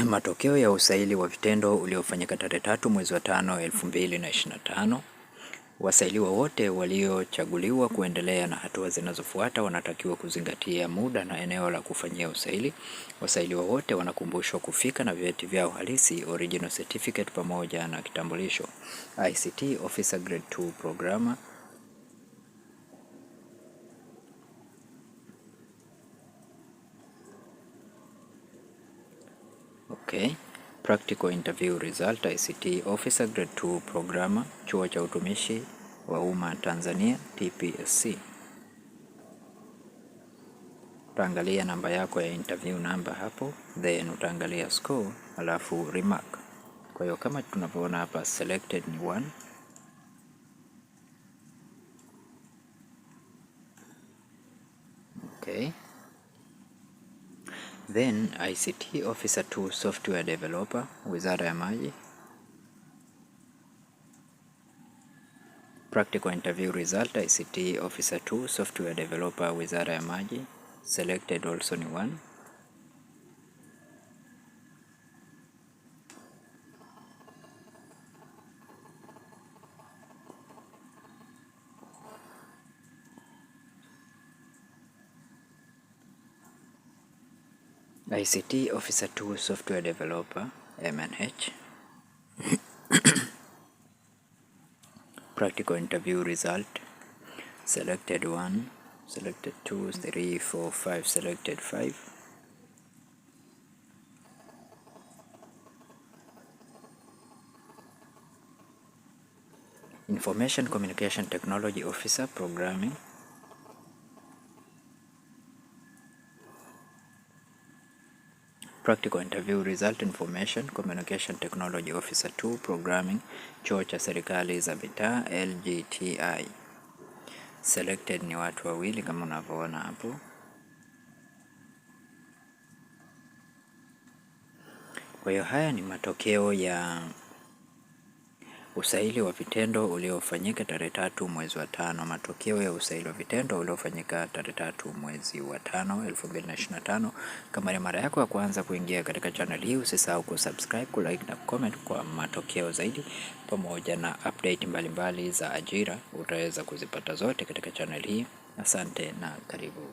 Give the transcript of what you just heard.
Matokeo ya usaili wa vitendo uliofanyika tarehe tatu mwezi wa tano elfu mbili na ishirini na tano. Wasailiwa wote waliochaguliwa kuendelea na hatua zinazofuata wanatakiwa kuzingatia muda na eneo la kufanyia usaili. Wasailiwa wote wanakumbushwa kufika na vyeti vyao halisi, original certificate pamoja na kitambulisho. ICT officer grade 2 programmer Okay. Practical interview result ICT officer grade 2 programmer chuo cha utumishi wa umma Tanzania TPSC. Utaangalia namba yako ya interview number hapo, then utaangalia score alafu remark. Kwa hiyo kama tunavyoona hapa selected ni 1 okay. Then ICT Officer 2 software developer, wizara ya maji. Practical interview result ICT Officer 2 software developer, wizara ya maji. Selected also ni 1. ICT Officer 2 Software Developer MNH Practical interview result selected 1 selected 2 3 4 5 selected 5 Information Communication Technology Officer Programming practical interview result information communication technology officer 2 programming chuo cha serikali za mitaa LGTI. Selected ni watu wawili kama unavyoona hapo. Kwa hiyo haya ni matokeo ya Usaili wa vitendo uliofanyika tarehe tatu mwezi wa tano. Matokeo ya usaili wa vitendo uliofanyika tarehe tatu mwezi wa tano 2025. Kama ni mara yako ya kwanza kuingia katika channel hii, usisahau kusubscribe, kulike na comment kwa matokeo zaidi pamoja na update mbalimbali mbali za ajira, utaweza kuzipata zote katika channel hii. Asante na karibu.